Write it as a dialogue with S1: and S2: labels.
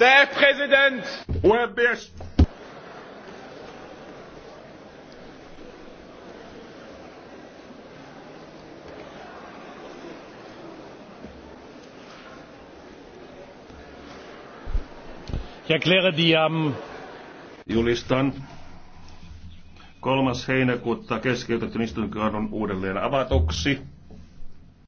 S1: Der Präsident! Puhemies!
S2: Ich erkläre die am...
S3: Julistan
S2: 3. heinäkuuta keskeytetyn istuntokauden uudelleen avatuksi.